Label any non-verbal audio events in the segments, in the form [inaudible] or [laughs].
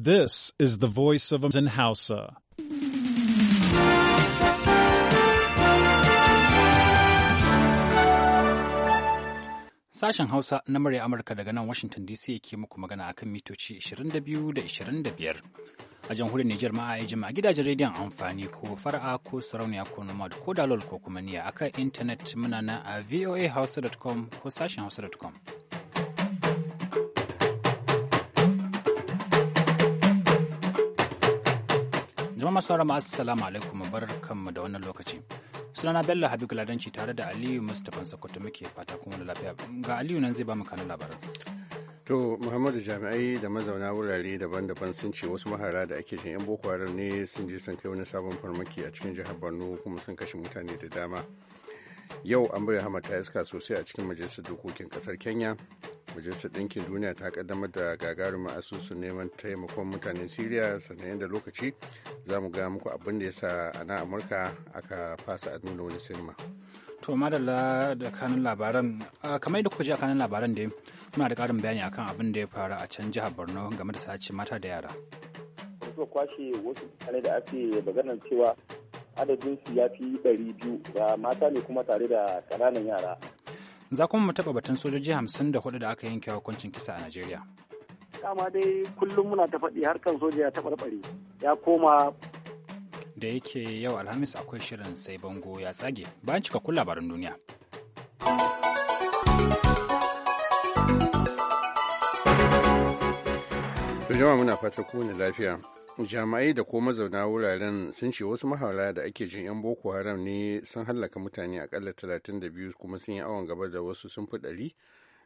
This is the voice of in Hausa. Sashen Hausa na murya Amurka daga nan Washington DC ke muku magana akan mitoci 22 da 25. A jamhuriyar Nijar ma a jima gidajen rediyon amfani ko fara'a ko sarauniya ko nomad ko dalol ko kuma niya akan intanet muna na a voahausa.com ko sashen hausa.com. To masu rama assalamu alaikum bar kanmu da wannan lokaci. Sunana Bello Habibu Ladanci tare da Aliyu Mustapha Sokoto muke fata kuma da lafiya. Ga Aliyu nan zai ba mu kanin labaran. To Muhammadu jami'ai da mazauna wurare daban-daban sun ce wasu mahara da ake jin 'yan Boko Haram ne sun je sun kai wani sabon farmaki a cikin jihar Borno kuma sun kashe mutane da dama. Yau an bari hamata ta iska sosai a cikin majalisar dokokin kasar Kenya majalisar ɗinkin duniya ta kaddamar da gagarumin asusun neman taimakon mutanen siriya sannan yadda lokaci za mu ga muku abin da ya sa a nan amurka aka fasa a nuna wani sinima to madalla da kanin labaran kamar yadda kuka a kanin labaran da muna da ƙarin bayani akan abin da ya faru a can jihar borno game da sace mata da yara wasu kwashe wasu mutane da ake maganar cewa adadinsu ya fi ɗari biyu ga mata ne kuma tare da kananan yara Za kuma mu taɓa batun sojoji hamsin da hudu da aka yanke hukuncin kisa a Najeriya. Dama dai kullum muna ta faɗi harkar soja ya taɓarɓare ya koma da yake yau alhamis akwai shirin sai bango ya tsage bayan cikakkun labarin duniya. To jama'a muna fata kowane lafiya. jama'ai da ko mazauna wuraren sun ce wasu mahaula da ake jin 'yan boko haram ne sun hallaka mutane akalla 32 kuma sun yi awon gaba da wasu sun fi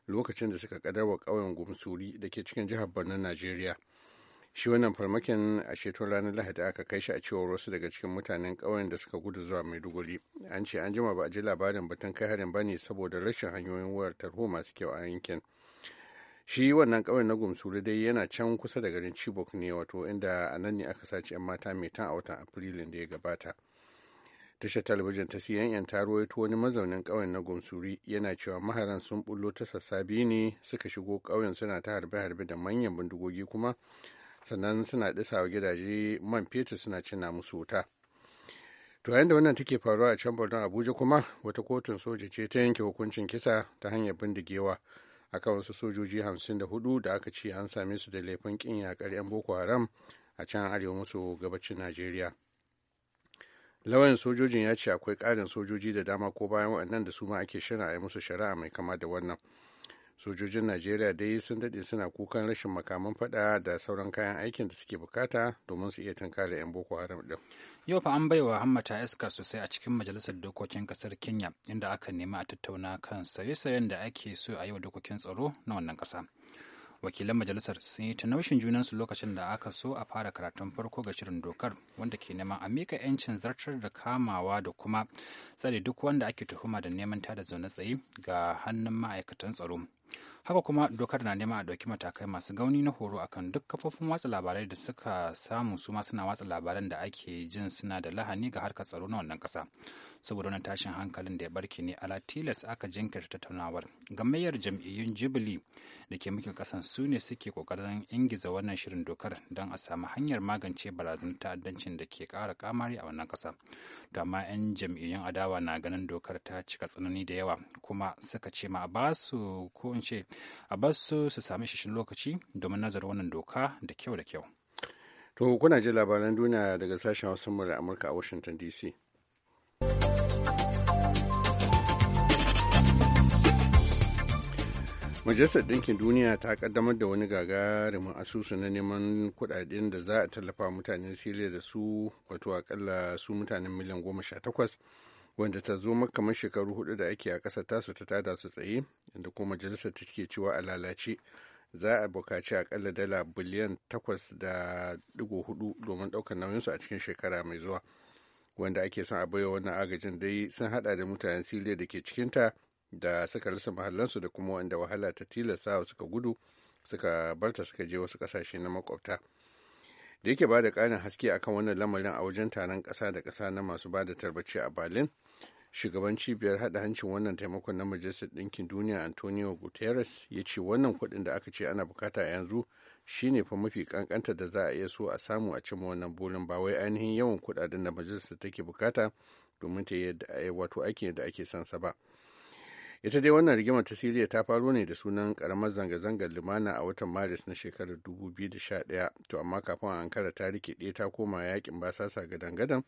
lokacin da suka kadarwa ƙauyen gumsuri da ke cikin jihar borno najeriya shi wannan farmakin a ceton ranar lahadi aka kai shi a cewar wasu daga cikin mutanen ƙauyen da suka gudu zuwa maiduguri an ce an jima ba a ji labarin batun kai harin ba ne saboda rashin hanyoyin wayar tarho masu kyau a yankin shi wannan ƙauyen na gumsuri dai yana can kusa da garin chibok ne wato inda a nan ne aka sace 'yan mata mai tan a watan afrilun da ya gabata tashar talabijin ta cnn ta rawaito wani mazaunin ƙauyen na gumsuri yana cewa maharan sun bullo ta sassa biyu ne suka shigo ƙauyen suna ta harbe-harbe da manyan bindigogi kuma sannan suna ɗisawa gidaje man fetur suna cina musu wuta to yayin da wannan take faruwa a can birnin abuja kuma wata kotun soja ce ta yanke hukuncin kisa ta hanyar bindigewa akan wasu sojoji 54 da aka ce an same su da laifin kin yakar 'yan boko haram a can arewa maso gabacin najeriya lauyan sojojin ya ce akwai ƙarin sojoji da dama ko bayan waɗannan da su ma ake shirin a yi musu shari'a mai kama da wannan sojojin najeriya dai sun daɗe suna kukan rashin makaman fada da sauran kayan aikin da suke bukata domin su iya tunkara 'yan boko haram ɗin yau fa an baiwa hammata iska sosai a cikin majalisar dokokin kasar kenya inda aka nema a tattauna kan saye-sayen da ake so a yi wa dokokin tsaro na wannan kasa wakilan majalisar sun yi tanaushin junansu lokacin da aka so a fara karatun farko ga shirin dokar wanda ke neman a mika 'yancin zartar da kamawa da kuma tsare duk wanda ake tuhuma da neman tada zaune tsaye ga hannun ma'aikatan tsaro haka kuma dokar na neman a ɗauki matakai masu gauni na horo akan duk kafofin watsa labarai da suka samu su suna watsa labaran da ake jin suna da lahani ga harkar tsaro na wannan ƙasa saboda wani tashin hankalin da ya barke ne ala tilas aka jinkirta tattaunawar gamayyar jam'iyyun jubilee da ke mulkin ƙasan su ne suke ƙoƙarin ingiza wannan shirin dokar don a samu hanyar magance barazanar ta'addancin da ke ƙara kamari a wannan ƙasa to amma 'yan jam'iyyun adawa na ganin dokar ta cika tsanani da yawa kuma suka ce ma ba su ko in ce a bar su su sami shishin lokaci domin nazarin wannan doka da kyau da kyau to kuna ji labaran duniya daga sashen wasu murar amurka a washington dc majalisar ɗinkin duniya ta kaddamar da wani gagarumin asusu na neman kuɗaɗen da za a tallafa mutanen siriya da su wato akalla su mutanen miliyan goma sha takwas wanda ta zo makaman shekaru hudu da ake a ta tasu ta tada su tsaye inda kuma majalisar ta ke cewa a lalace za a bukaci akalla dala biliyan takwas da digo hudu domin ɗaukar nauyinsu a cikin shekara mai zuwa wanda ake son a baiwa wannan agajin dai sun hada da mutanen siriya da ke cikinta da suka rasa mahallansu da kuma wanda wahala ta tilasta suka gudu suka barta suka je wasu ƙasashe na makwabta da yake ba da ƙarin haske akan wannan lamarin a wajen taron ƙasa da ƙasa na masu ba da tarbaci a berlin shugaban cibiyar haɗa hancin wannan taimakon na majalisar ɗinkin duniya antonio guterres ya ce wannan kuɗin da aka ce ana bukata yanzu shine fa mafi kankanta da za a iya so a samu a cimma wannan burin ba wai ainihin yawan kuɗaɗen da majalisar take bukata domin ta yi wato aikin da ake son sa ba. ita dai wannan rigimar ta siriya ta faro ne da sunan karamar zanga-zangar lumana a watan maris na shekarar 2011 to amma kafin ankara ta rike ɗaya ta koma yakin basasa gadan-gadan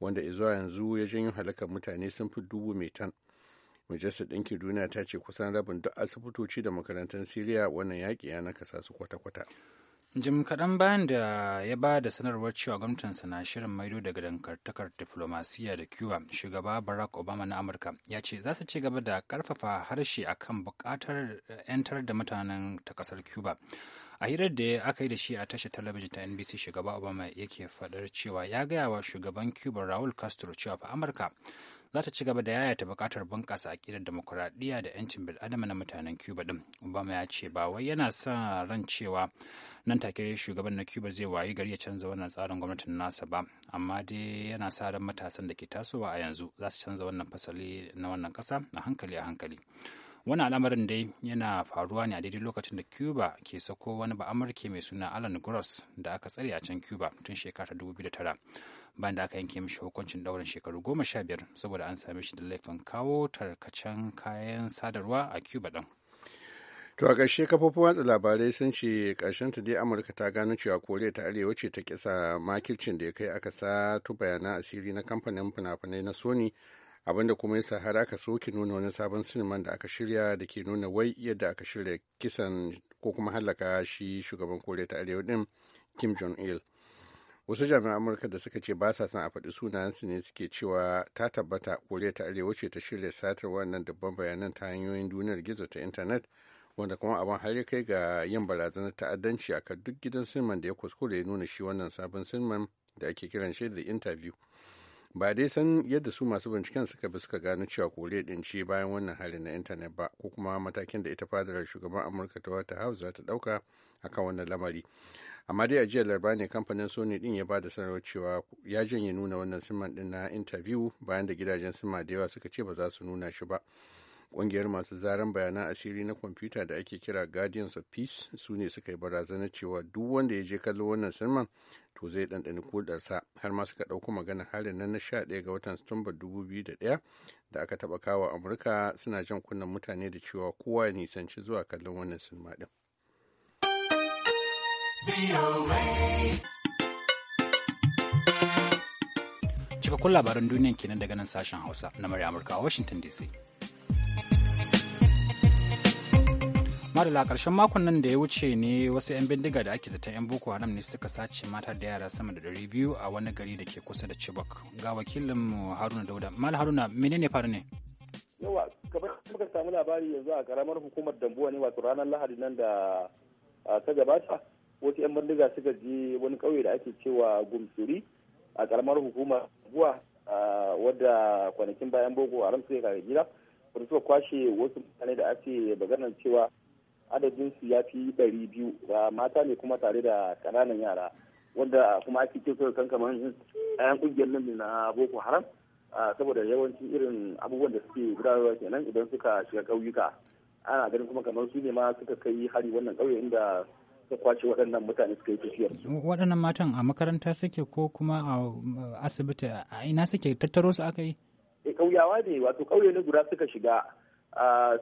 wanda izuwa yanzu ya janyo halakar mutane sun fi dubu mai tan majalisar ɗinkin duniya ta ce kusan rabin duk asibitoci da makarantar siriya wannan yaƙi ya nakasa su kwata-kwata jim kaɗan bayan da ya ba da sanarwar cewa gwamnatinsa na shirin maido daga dankartakar diflomasiyya da cuba shugaba barack obama na amurka ya ce za su ci gaba da ƙarfafa harshe a akan buƙatar 'yantar da mutanen ta ƙasar cuba a hirar da aka yi da shi a tashar talabijin ta nbc shugaba obama yake faɗar cewa ya gaya wa shugaban cuba raul castro cewa fa amurka za ta ci gaba da yayata bukatar bunƙasa aƙidar demokuraɗiyya da 'yancin bil'adama na mutanen cuba ɗin obama ya ce ba wai yana sa ran cewa nan take shugaban na cuba zai wayi gari ya canza wannan tsarin gwamnatin nasa ba amma dai yana sa ran matasan da ke tasowa a yanzu za su canza wannan fasali na wannan ƙasa a hankali a hankali wani al'amarin dai yana faruwa ne a daidai lokacin da cuba ke sako wani ba mai suna alan gross da aka tsare a can cuba tun shekara 2009 bayan da aka yanke mishi hukuncin daurin shekaru goma sha 15 saboda an same shi da laifin kawo tarkacen kayan sadarwa a cuba ɗin. To a ƙarshe kafofin watsa labarai sun ce ta dai Amurka ta gano cewa Koriya ta Arewa ce ta kisa makircin da ya kai aka sato bayanan asiri na kamfanin fina-finai na Sony abinda kuma yasa har aka soke nuna wani sabon sinima da aka shirya da ke nuna wai yadda aka shirya kisan ko kuma hallaka shi shugaban koriya ta arewa din kim jong il wasu jami'an amurka da suka ce ba sa san a faɗi sunayensu ne suke cewa ta tabbata koriya ta arewa ce ta shirya satar wannan dubban bayanan ta hanyoyin duniyar gizo ta intanet wanda kuma abin har ya kai ga yin barazanar ta'addanci a kan duk gidan sinman da ya kuskure ya nuna shi wannan sabon sinman da ake kiran shi da interview ba dai san yadda su masu binciken suka bi suka gano cewa kore din ce bayan wannan hari na intanet ba ko kuma matakin da ita fadarar shugaban amurka ta wata house za ta dauka akan wannan lamari amma dai a jiya larba ne kamfanin sony din ya ba da sanarwar cewa ya janye nuna wannan siman din na interview bayan da gidajen sima da yawa suka ce ba za su nuna shi ba Ƙungiyar masu zaren bayanan asiri na kwamfuta da ake kira Guardians of Peace su ne suka yi barazana cewa duk wanda ya je kallon wannan sinman to zai ɗanɗani kodarsa har ma suka ɗauko magana halin nan na 11 ga watan Satumbar 2001 da aka taɓa kawo Amurka suna jan kunnen mutane da cewa kowa ya nisanci zuwa kallon wannan sinma ɗin. Cikakkun labaran duniyan kenan daga nan sashen Hausa na Murya Amurka a Washington DC. marila karshen makon nan da ya wuce ne wasu 'yan bindiga da ake zata 'yan boko haram ne suka sace mata da yara sama da 200 a wani gari da ke kusa da chibok ga wakilinmu haruna dauda mal haruna menene faru ne yawa kamar muka samu labari yanzu a karamar hukumar dambuwa ne wato ranar lahadi nan da ta gabata wasu 'yan bindiga suka je wani kauye da ake cewa gumsuri a karamar hukumar buwa wadda kwanakin bayan boko haram suka gida wadda suka kwashe wasu mutane da ake baganar cewa adadin su ya fi ɗari biyu mata ne kuma tare da ƙananan yara wanda kuma ake kyautar kan kamar ayan ƙungiyar nan na boko haram saboda yawancin irin abubuwan da suke gudanarwa kenan idan suka shiga ƙauyuka ana ganin kuma kamar su ne ma suka kai hari wannan ƙauye inda suka kwace waɗannan mutane suka yi tafiyar. waɗannan matan a makaranta suke ko kuma a asibiti a ina suke tattaro su aka yi. Eh, ƙauyawa ne wato ƙauye na guda suka shiga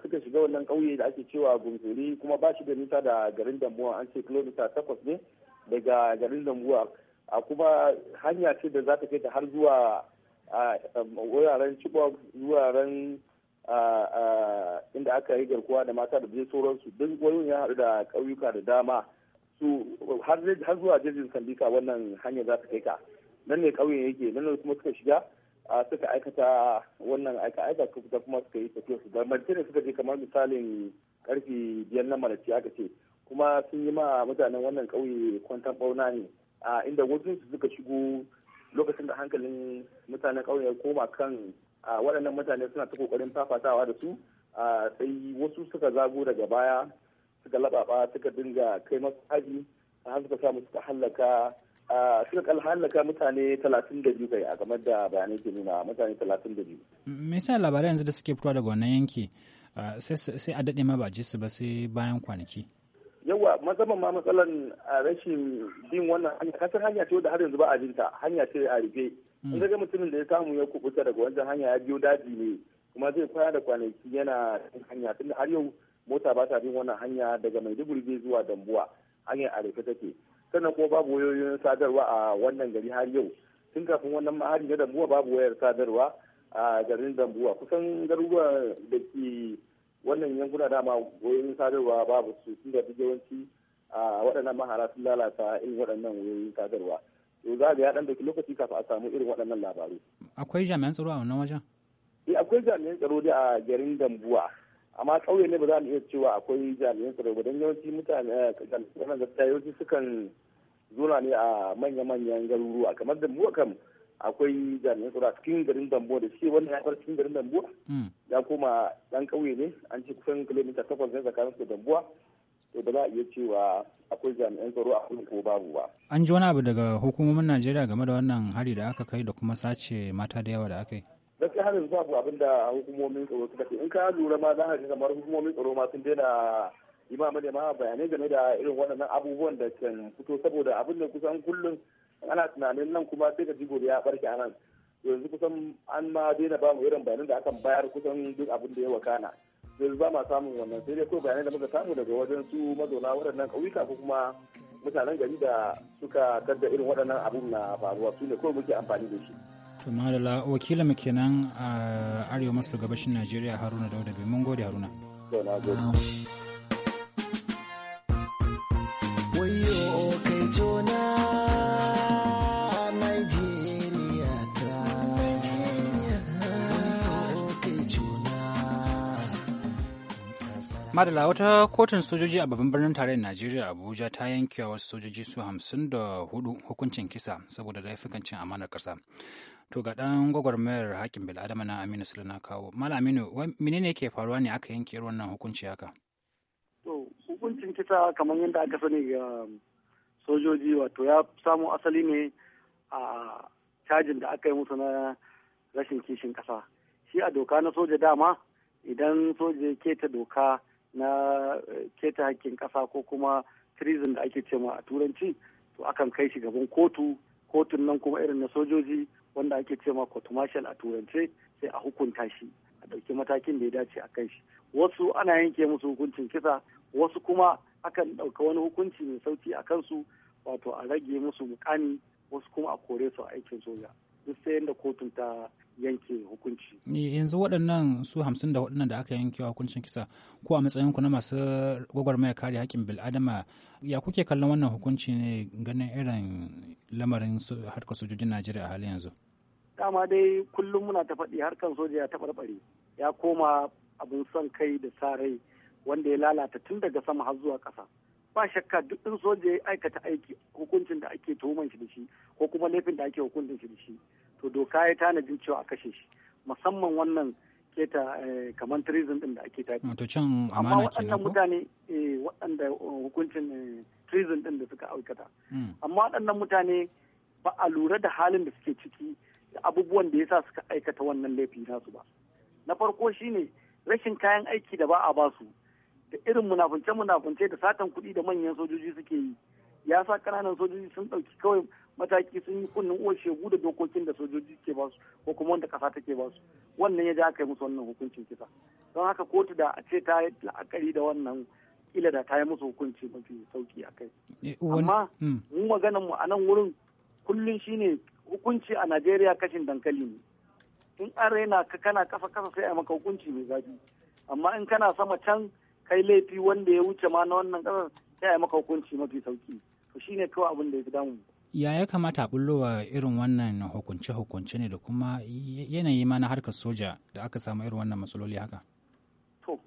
suka shiga wannan ƙauye da ake cewa gunzuri kuma ba shi da nisa da garin dambuwa an ce kilomita takwas ne daga garin dambuwa a kuma hanya ce da za ta kai ta har zuwa um, wuraren cibok wuraren inda aka yi garkuwa da mata da zai sauransu duk wayoyin ya haɗu da ƙauyuka da dama su har zuwa jirgin sandika wannan hanya za ta kai ka nan ne ƙauyen yake nan ne kuma suka shiga suka aikata wannan aika aika da kuma suka yi tafiya su da martini suka je kamar misalin karfi biyar na malaci aka ce kuma sun yi ma mutanen wannan kauye kwantan bauna ne a inda wajen su suka shigo lokacin da hankalin mutanen kauye ya koma kan waɗannan mutane suna ta kokarin fafatawa da su a sai wasu suka zago daga baya suka laɓaɓa suka dinga kai masu haji har suka samu suka hallaka suka halaka mutane 32 kai a game da bayanai ke nuna mutane 32 me yasa labarai yanzu da suke fitowa daga wannan yanki sai a daɗe ma ba ji su ba sai bayan kwanaki yawwa musamman ma matsalan rashin bin wannan hanya kasar hanya ce da har yanzu ba a jinta hanya ce a rufe hmm. in ga mutumin da ya samu ya kubuta daga wajen hanya ya biyo daji ne kuma zai kwana da kwanaki yana hanya tunda har yau mota ba ta bin wannan hanya daga maiduguri zuwa dambuwa hanya a rufe take sannan kuma babu wayoyin sadarwa a wannan gari har yau tun kafin wannan ma'ari na dambuwa babu wayar sadarwa a garin dambuwa kusan garuruwa da ke wannan yankuna dama wayoyin sadarwa babu su tun da yawanci a waɗannan mahara sun lalata irin waɗannan wayoyin sadarwa to za ga ya ɗan daki lokaci kafin a samu irin waɗannan labaru akwai jami'an tsaro a wannan wajen eh akwai jami'an tsaro da a garin dambuwa amma ƙauye ne ba za mu iya cewa akwai jami'an tsaro ba don yawanci mutane jami'an gaskiya yawanci sukan zuna ne a manya-manyan garuruwa kamar da mu kam akwai jami'an tsaro a cikin garin dambo da shi wannan ya cikin garin dambo hmm. ya koma dan ƙauye ne an ce kusan kilomita takwas ne tsakanin su da dambuwa to ba za a iya cewa akwai jami'an tsaro a kullum ko babu ba. An ji wani abu daga hukumomin Najeriya game da wannan hari da aka kai da kuma sace mata da yawa da aka yi. gaskiya har yanzu babu abin da hukumomin tsaro suka ce in ka lura ma za ka ji kamar hukumomin tsaro ma sun daina yi ma bayanai game da irin waɗannan abubuwan da can fito saboda abin da kusan kullum ana tunanin nan kuma sai ka ji gobe ya barke a nan yanzu kusan an ma daina ba mu irin bayanan da akan bayar kusan duk abin da ya wakana yanzu ba ma samun wannan sai dai ko bayanai da muka samu daga wajen su mazauna waɗannan ƙauyuka ko kuma mutanen gari da suka tadda irin waɗannan abin na faruwa su ne kawai muke amfani da shi. to madalla wakilin mu kenan a arewa maso gabashin najeriya haruna dauda bai mun gode haruna madala wata kotun sojoji a babban birnin tarayyar najeriya abuja ta yanke wasu sojoji su hamsin da hudu hukuncin kisa saboda laifukan cin amanar kasa to ga dan gwagwarmayar hakin bil'adama na aminu sulana kawo mala aminu menene ke faruwa ne aka yanke irin wannan hukunci haka to hukuncin kisa kamar yadda aka sani ga um, sojoji wato ya samu asali ne a cajin da aka yi musu na rashin kishin kasa shi a doka na soja dama idan soja ya ta doka na eh, keta hakkin ƙasa ko kuma treason da ake cewa a turanci to akan kai shi gaban kotu kotun nan kuma irin na sojoji wanda ake cewa court martial a turance sai a hukunta shi a ɗauki matakin da ya dace a kai shi wasu ana yanke musu hukuncin kisa wasu kuma akan ɗauka wani hukunci mai sauki a kansu wato a rage musu mukami wasu kuma a kore su a aikin soja duk sai yadda kotun ta yanke hukunci. yanzu waɗannan su hamsin da waɗannan da aka yanke hukuncin kisa ko a matsayin ku na masu gwagwarmaya kare haƙƙin bil'adama ya kuke kallon wannan hukunci ne ganin irin lamarin harkar sojojin najeriya a halin yanzu. dama dai kullum muna ta faɗi harkar soja ya taɓarɓare ya koma abin son kai da sa rai wanda ya lalata tun daga sama har zuwa ƙasa. ba shakka duk ɗin soja ya aikata aiki hukuncin da ake tuhuman shi da shi ko kuma laifin da ake hukuncin shi da shi to doka ya tanadin cewa a kashe shi musamman wannan keta eh, kamar turizm din da ake tafi. To cin amana kenan Amma waɗannan mutane eh, waɗanda eh, hukuncin turizm din da suka aikata. Hmm. Amma waɗannan mutane ba a lura da halin da suke ciki da abubuwan da yasa suka aikata wannan laifi nasu ba. Na farko shine rashin kayan aiki da ba a basu da irin munafunce munafunce da satan kuɗi da manyan sojoji suke yi ya sa ƙananan sojoji sun ɗauki kawai mataki sun yi kunnen uwar shegu da dokokin da sojoji ke basu ko kuma wanda kasa take basu wannan ya ja aka yi musu wannan hukuncin kisa don haka kotu da a ce ta yi la'akari da wannan kila da ta yi musu hukunci mafi sauki a kai eh, amma hmm. mu maganan mu a nan wurin kullum shine hukunci a najeriya kashin dankali ne in an raina ka kana kasa kasa sai a maka hukunci mai zafi amma in kana sama can kai laifi wanda ya wuce ma na wannan kasar sai a maka hukunci mafi sauki to shine kawai abin da ya fi damu ya ya kamata a irin wannan hukunce-hukunce ne da kuma yanayi ma na harkar soja da aka samu irin wannan matsaloli haka? To,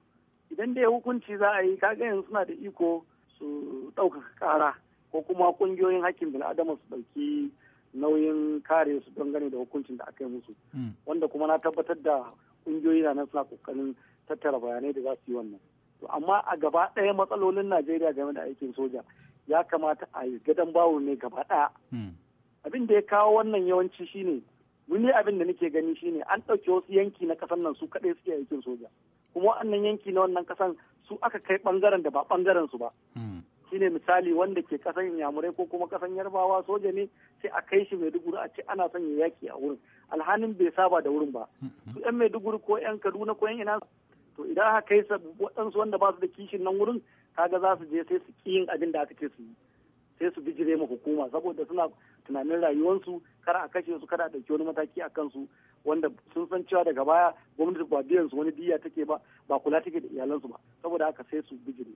idan dai hukunci za a yi kaga suna da iko su ɗaukaka ƙara ko kuma ƙungiyoyin hakkin bil'adama su ɗauki nauyin kare su dangane da hukuncin da aka yi musu. Hmm. Wanda kuma na tabbatar da ƙungiyoyi na nan suna ƙoƙarin tattara bayanai da za su yi wannan. To, amma a gaba ɗaya matsalolin Najeriya game da aikin soja ya kamata a yi gadon bawo ne gaba ɗaya. Hmm. Abin da ya kawo wannan yawanci shine ne abin da nake gani shine an ɗauki wasu yanki na ƙasar nan su kaɗai suke aikin soja. Kuma wannan yanki na wannan ƙasar su aka kai ɓangaren da ba ɓangaren su ba. Hmm. shine misali wanda ke ƙasan yamurai ko kuma ƙasan yarbawa soja ne sai a kai shi maiduguri a ce ana son ya yaki a wurin alhanin bai saba da wurin ba hmm, su yan maiduguri ko yan kaduna ko yan ina to idan aka kai sa waɗansu wanda ba su da kishin nan wurin kaga za su je sai su ki yin abin da aka ce su yi sai su bijire ma hukuma saboda suna tunanin rayuwarsu kar a kashe su kada a ɗauki wani mataki a kansu wanda sun san cewa daga baya gwamnati ba biyan su wani diya take ba ba kula take da iyalansu ba saboda haka sai su bijire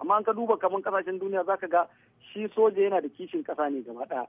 amma an ka duba kamar kasashen duniya zaka ga shi soja yana da kishin kasa ne gaba ɗaya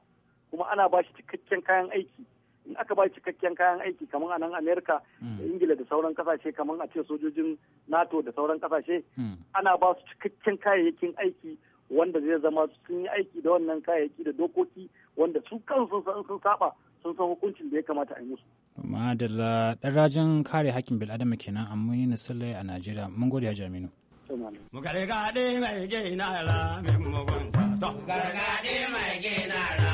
kuma ana ba shi cikakken kayan aiki in aka ba cikakken kayan aiki kamar a nan amerika hmm. da ingila da sauran kasashe kamar a ce sojojin nato da sauran kasashe hmm. ana ba su cikakken kayayyakin aiki wanda zai zama sun yi aiki da wannan kayayyaki da dokoki wanda su kansu sun saba sun san hukuncin da ya kamata a yi musu. Madalla ɗan rajin kare hakkin bil'adama kenan a muni sallai a Najeriya. Mun gode ya Jaminu. Mu mai gina ra min mugunta. Gargaɗe mai gina ra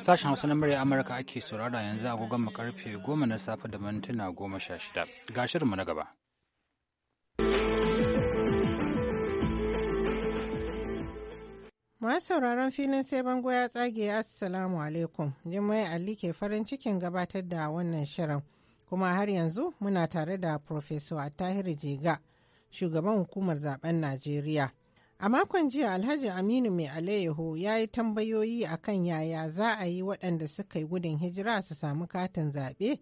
Sashen Hausa na murya Amurka ake saurara yanzu agogon mu karfe goma na safe da mintuna goma sha shida. Ga shirinmu na gaba. Masu sauraron filin sai bango ya tsage Assalamu alaikum. jima'i Ali ke farin cikin gabatar da wannan shirin. Kuma har yanzu muna tare da Profesor Attahiru Jega, shugaban hukumar zaben Najeriya. A makon jiya Alhaji Aminu Mai Alayyaho ya yi tambayoyi a kan yaya za a yi waɗanda suka yi gudun hijira su samu katin zaɓe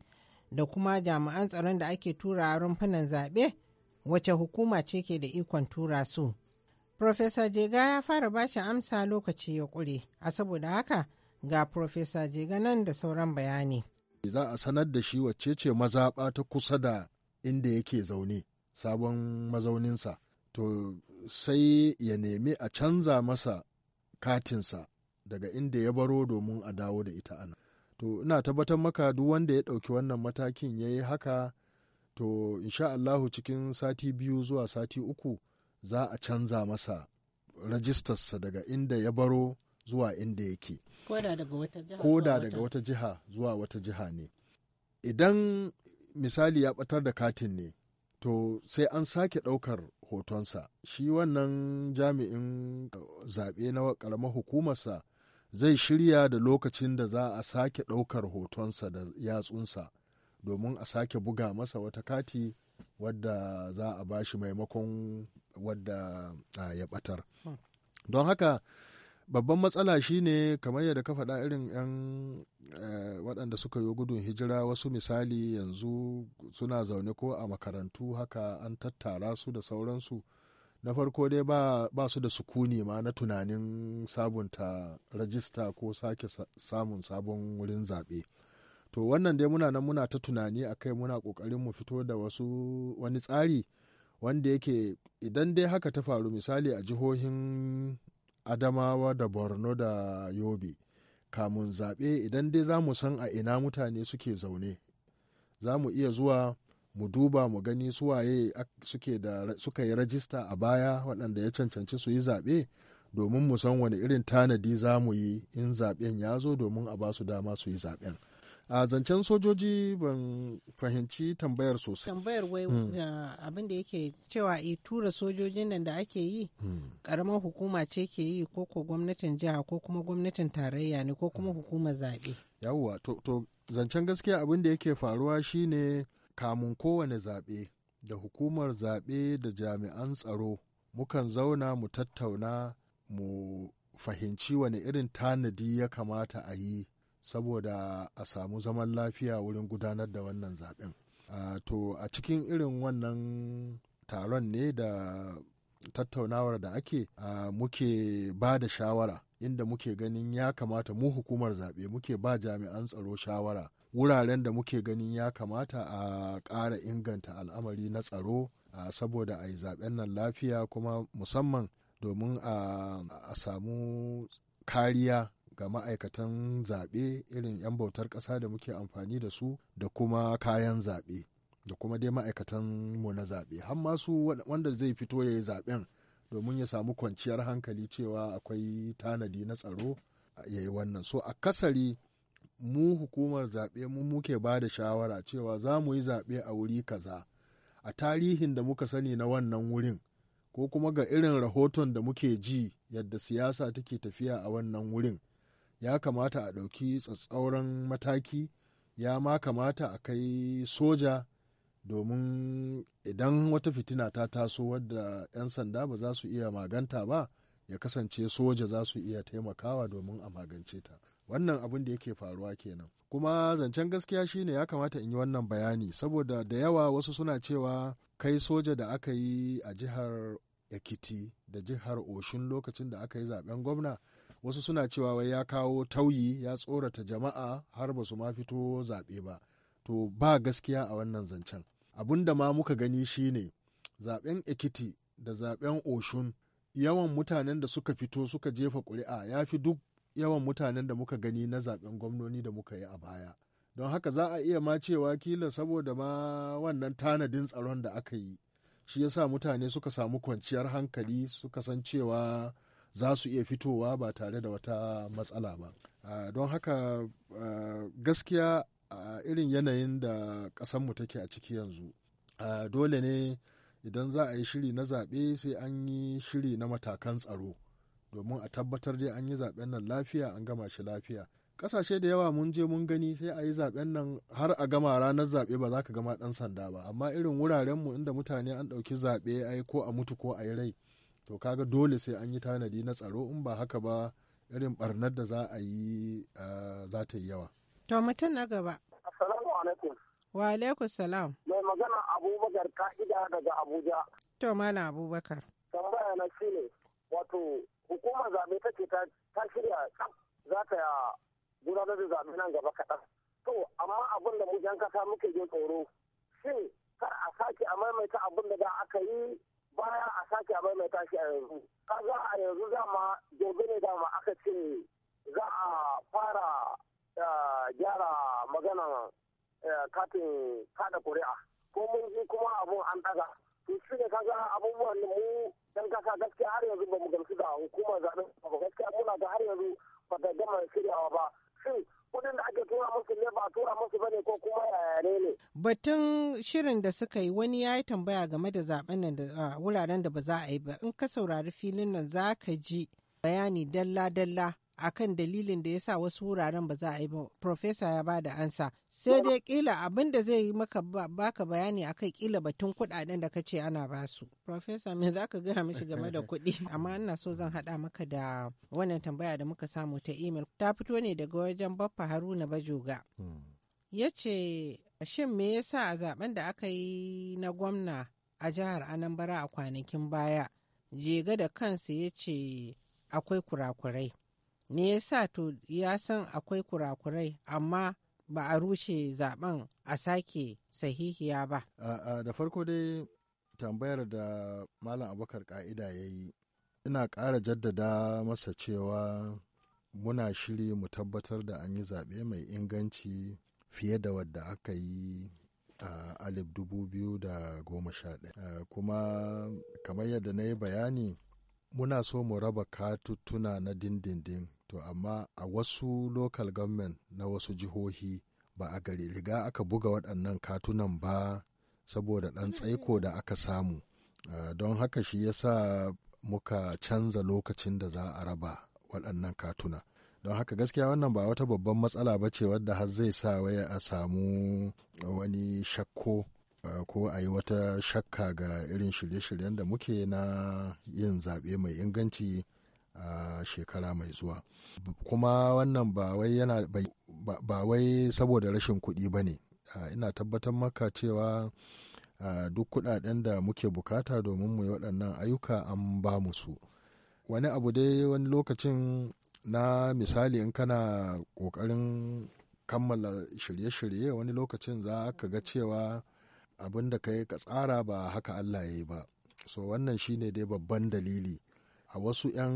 da kuma jami'an tsaron da ake tura a rumfunan zaɓe wace hukuma ce ke da ikon tura su. Profesa Jega ya fara bashi amsa lokaci ya ƙure, a saboda haka ga Profesa Jega nan da sauran bayani. Za a sanar da shi wacce ce mazaɓa ta kusa da inda yake zaune, sabon mazauninsa. To sai ya nemi a canza masa katinsa daga inda ya baro domin a dawo da ita ana to ina tabbatar maka duk wanda ya ɗauki wannan matakin ya yi haka to insha Allahu cikin sati biyu zuwa sati uku za a canza masa rajistarsa daga inda ya baro zuwa inda yake koda daga wata jiha zuwa wata jiha ne idan misali ya ɓatar da katin ne to sai an sake ɗaukar hotonsa shi wannan jami'in zaɓe na ƙaramar hukumarsa zai shirya da lokacin da za a sake ɗaukar hotonsa da yatsunsa domin a sake buga masa wata kati wadda za a bashi maimakon wadda ah, ya ɓatar hmm. don haka babban matsala shine kamar yadda ka faɗa irin 'yan eh, waɗanda suka yi gudun hijira wasu misali yanzu suna zaune ko a makarantu haka an tattara su da sauransu na farko dai ba, su da sukuni ma na tunanin sabunta rajista ko sake samun sabon wurin zaɓe to wannan dai muna nan muna ta tunani a kai muna ƙoƙarin mu fito da wasu wani tsari wanda yake idan dai haka ta faru misali a jihohin adamawa da borno da yobe kamun zaɓe idan dai za mu san a ina mutane suke zaune za mu iya zuwa mu duba mu gani suwaye suka yi rajista a baya waɗanda ya cancanci su yi zaɓe domin mu san wani irin tanadi za mu yi in zaɓen ya zo domin a ba su dama su yi zaɓen a zancen sojoji ban fahimci tambayar sosai tambayar wai hmm. abin da yake cewa a eh, tura sojojin nan da ake yi hmm. karamar hukuma ce ke yi ko ko gwamnatin jiha ko kuma gwamnatin tarayya ne ko kuma hmm. hukumar zaɓe yawwa to zancen gaskiya abin da yake faruwa shine kamun kowane zaɓe da hukumar zaɓe da jami'an tsaro mukan zauna mu tattauna mu fahimci wani irin tanadi ya kamata a yi saboda a samu zaman lafiya wurin gudanar da wannan zaben. To a cikin irin wannan taron ne da tattaunawar da ake muke ba da shawara inda muke ganin ya kamata mu hukumar zaɓe muke ba jami'an tsaro shawara wuraren da muke ganin ya kamata a ƙara inganta al'amari na tsaro saboda a yi zaɓen nan lafiya kuma musamman domin a samu kariya ga ma'aikatan zaɓe irin 'yan bautar ƙasa da muke amfani da su da kuma kayan zaɓe da kuma dai ma'aikatan mu na zaɓe har masu wanda zai fito ya yi zaɓen domin ya samu kwanciyar hankali cewa akwai tanadi na tsaro ya yi wannan so a kasari mu hukumar zaɓe mu muke ba da shawara cewa za mu yi zaɓe a wuri kaza a tarihin da muka sani na wannan wurin ko kuma ga irin rahoton da muke ji yadda siyasa take tafiya a wannan wurin ya kamata a ɗauki tsatsauran mataki ya ma kamata a kai soja domin idan wata fitina ta taso wadda 'yan sanda ba za su iya maganta ba ya kasance soja za su iya taimakawa domin a magance ta wannan abin da yake faruwa kenan kuma zancen gaskiya shine ya kamata in yi wannan bayani saboda da yawa wasu suna cewa kai soja da aka yi a jihar ekiti da jihar oshun lokacin da aka yi zaben gwamna wasu suna cewa wai ya kawo tauyi ya tsorata jama'a har ba su ma fito zaɓe ba to ba gaskiya a wannan zancen abun da ma muka gani shine zaɓen ekiti da zaɓen oshun yawan mutanen da suka fito suka jefa ƙuri'a ya fi duk yawan mutanen da muka gani na zaɓen gwamnoni da muka yi a baya don haka za a iya ma cewa kila saboda ma wannan tanadin tsaron da aka yi shi yasa mutane suka samu kwanciyar hankali suka san cewa za su iya fitowa ba tare da wata matsala ba don haka gaskiya irin yanayin da ƙasanmu take a ciki yanzu dole ne idan za a yi shiri na zaɓe sai an yi shiri na matakan tsaro domin a tabbatar dai an yi zaɓen nan lafiya an gama shi lafiya ƙasashe da yawa mun je mun gani sai a yi zaɓen nan har a gama ranar zaɓe ba za ka gama ɗan sanda ba amma irin wurarenmu inda mutane an ɗauki zaɓe a yi ko a mutu ko a yi rai to kaga dole sai an yi tanadi na tsaro in ba haka ba irin barnar da za a yi za ta yi yawa. To mutum na gaba. Assalamu alaikum. Wa alaikum salam. Mai magana Abubakar ka'ida daga Abuja. To mana Abubakar. Tambaya na shi ne wato hukumar zaɓe ta ce ta shirya za ta gudanar da zaɓe nan gaba kaɗan. To amma abin da mu kasa muke jin tsoro shin kar a sake a maimaita abin da za aka yi baya a sake a mai tashi a yanzu kaga a yanzu dama gobe ne dama aka ce za a fara eh, gyara magana eh, katin kada kuri'a ko mun ji kuma abun an daga to shi ne kaga abubuwan mu dan kasa gaskiya har yanzu ba mu gamsu da hukumar zaɓen gaskiya muna ga har yanzu ba ta gama shiryawa ba shin kudin da ake tura musu ne ba tura musu bane ko kuma yare ne. Batun shirin da suka yi wani ya yi tambaya game da zaben nan da wuraren da ba za a yi ba in ka saurari filin nan za ka ji bayani dalla-dalla akan dalilin da ya sa wasu wuraren ba za a yi ba profesa ya ba da ansa sai dai kila abin da zai yi maka baka bayani akai kila batun kuɗaɗen da ka ce ana ba su profesa me za ka gaya mishi game da kuɗi [laughs] amma ina so zan haɗa maka da wannan tambaya da muka samu ta imel ta fito ne daga wajen baffa haruna bajoga hmm. ya ce shin me yasa a zaben da aka yi na gwamna a jihar anambra a kwanakin baya jega da kansa ya ce akwai kurakurai me ya sa to ya san akwai kurakurai amma ba a rushe zaben a sake sahihiya ba da farko dai tambayar da malam abokar ka'ida ya yi ina ƙara jaddada masa cewa muna shiri mu tabbatar da an yi zaɓe mai inganci fiye da wadda aka yi a alif dubu biyu da goma sha ɗaya kuma kamar yadda na yi bayani muna so mu raba katuttuna na dindindin to amma a wasu local government na wasu jihohi ba a gari riga aka buga waɗannan katunan ba saboda ɗan tsaiko da aka samu uh, don haka shi yasa muka canza lokacin da za a raba waɗannan katuna don haka gaskiya wannan ba wata babban matsala ba ce wadda har zai sa waya a samu wani shakko uh, ko a yi wata shakka ga irin shirye-shiryen da muke na yin zaɓe mai inganci a shekara mai zuwa kuma wannan ba wai yana ba wai saboda rashin kuɗi ba ne ina tabbatar maka cewa duk kuɗaɗen da muke bukata domin mu yi waɗannan ayyuka an ba mu su wani abu dai wani lokacin na misali in kana ƙoƙarin kammala shirye-shirye wani lokacin za ka ga cewa abin da ka yi ka tsara ba haka Allah ya yi ba so wannan shine dai babban dalili a wasu 'yan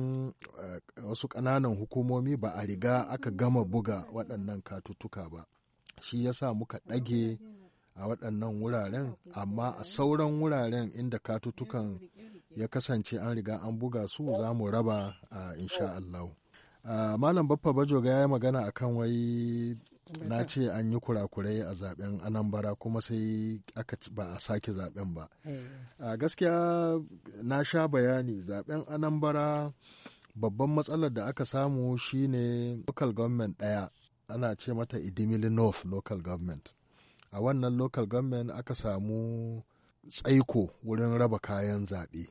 eh, wasu ƙananan hukumomi ba a riga aka gama buga waɗannan katutuka ba shi yasa muka ɗage a waɗannan wuraren amma a sauran wuraren inda katutukan ya kasance an riga an buga su za mu raba ah, insha Allah. Ah, Malam Baffa Bajoga ya yi magana akan wai na ce an yi kurakurai a zaben anambara kuma sai aka ba a sake zaben ba eh. a gaskiya na sha bayani zaben anambara babban matsalar da aka samu shine local government ɗaya ana ce mata idimili north local government a wannan local government aka samu tsaiko wurin raba kayan zaɓe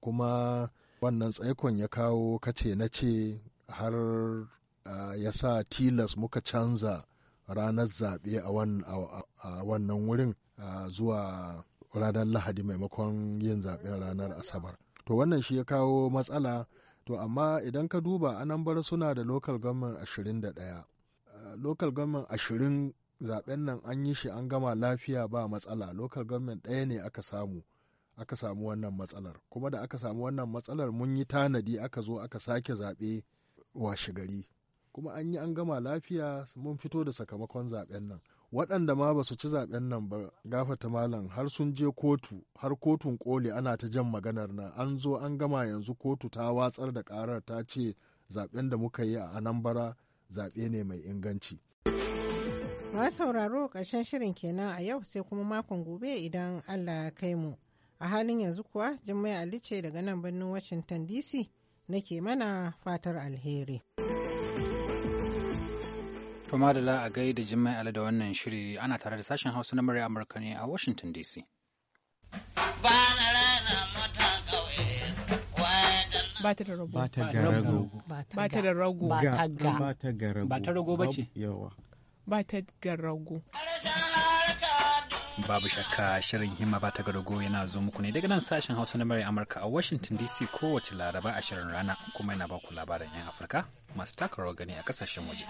kuma wannan tsaikon ya kawo kace na ce har Ah, ya sa tilas muka canza ranar zaɓe a wannan wurin ah, zuwa ranar lahadi maimakon yin zaɓen ranar asabar to wannan shi ya kawo matsala to amma idan ka duba anambra suna da local government 21 ah, local government 20 zaɓen nan an yi shi an gama lafiya ba matsala local government ɗaya ne aka samu aka samu wannan matsalar kuma da aka samu wannan matsalar mun yi tanadi aka zo aka sake zaɓe washe gari kuma an yi an gama lafiya mun fito da sakamakon zaɓen nan waɗanda ma ba su ci zaɓen nan ba gafata malam har sun je kotu har kotun koli ana ta jan maganar nan an zo an gama yanzu kotu ta watsar da ƙarar ta ce zaɓen da muka yi a anambara zaɓe ne mai inganci ma sauraro ƙarshen shirin kenan a yau sai kuma makon gobe idan allah ya kai mu a halin yanzu kuwa jimmai alice daga nan birnin washington dc nake mana fatar alheri. To madala a gaida Jimmai ala da wannan shiri ana tare da sashen Hausa na murya Amurka ne a Washington DC. bata da rago. Ba ta ga rago. Ba ta da rago. Ba ta ga. Ba ta rago. Bata rago ba ce. Yawa. Bata ga rago. Babu shakka shirin himma ba ta garago yana zo muku ne daga nan sashen Hausa na murya Amurka a Washington DC kowace Laraba a shirin rana kuma yana baku labaran 'yan Afirka masu takarwa gani a kasashen waje.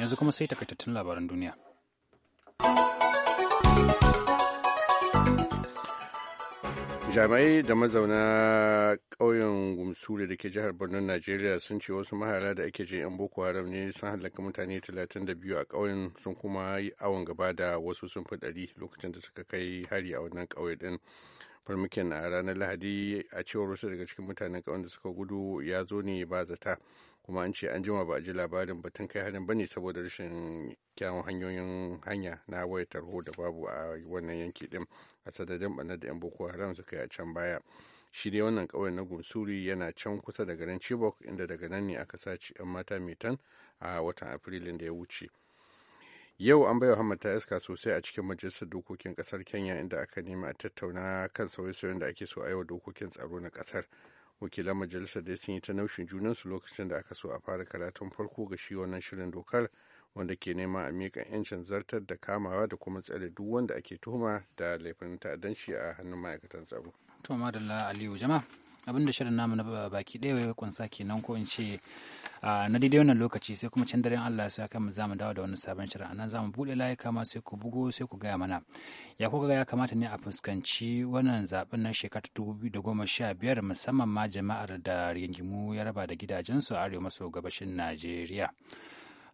Yanzu kuma sai takaitattun labaran duniya. jami'ai da mazauna ƙauyen gumsure da ke jihar borno najeriya sun ce wasu mahala da ake jin yan boko haram ne sun hallaka mutane 32 a ƙauyen sun kuma yi awon gaba da wasu sun fi ɗari lokacin da suka kai hari a wannan kauye din farmakin a ranar lahadi a cewar wasu daga cikin mutanen ƙauyen da suka gudu ya zo ne ba zata kuma an ce an jima ba a ji labarin batun kai harin ba ne saboda rashin kyawun hanyoyin hanya na waya tarho da babu a wannan yanki din a sadadin ɓannar da yan boko haram suka yi a can baya shi dai wannan kawai na gunsuri yana can kusa da garin chibok inda daga nan ne aka sace 'yan mata mai tan a watan afrilun da ya wuce yau an bai wa hamad ta iska sosai a cikin majalisar dokokin kasar kenya inda aka nema a tattauna kan sauye-sauyen da ake so a yau dokokin tsaro na kasar wakilan majalisar da sun yi ta naushin junansu lokacin da aka so a fara karatun farko ga shi wannan shirin dokar wanda ke nema a miƙa 'yancin zartar da kamawa da kuma tsare duk wanda ake tuhuma da laifin ta'addanci a hannun ma'aikatan tsaro. to madalla aliyu jama'a abin da shirin namu na baki ɗaya ya kunsa kenan ko in ce na daidai wannan lokaci sai kuma can daren Allah sai kan mu zamu dawo da wani sabon shirin anan zamu bude layuka ma sai ku bugo sai ku gaya mana ya kuka ga ya kamata ne a fuskanci wannan zaben na shekara biyar musamman ma jama'ar da rigingimu ya raba da gidajensu a arewa maso gabashin Najeriya.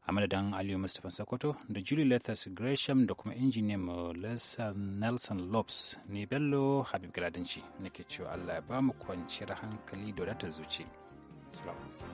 a madadin aliyu mustapha sokoto da julie lethas gresham da kuma injiniyan mu nelson lopes ne bello habib galadinci nake cewa allah ya ba mu kwanciyar hankali da wadatar zuci salamu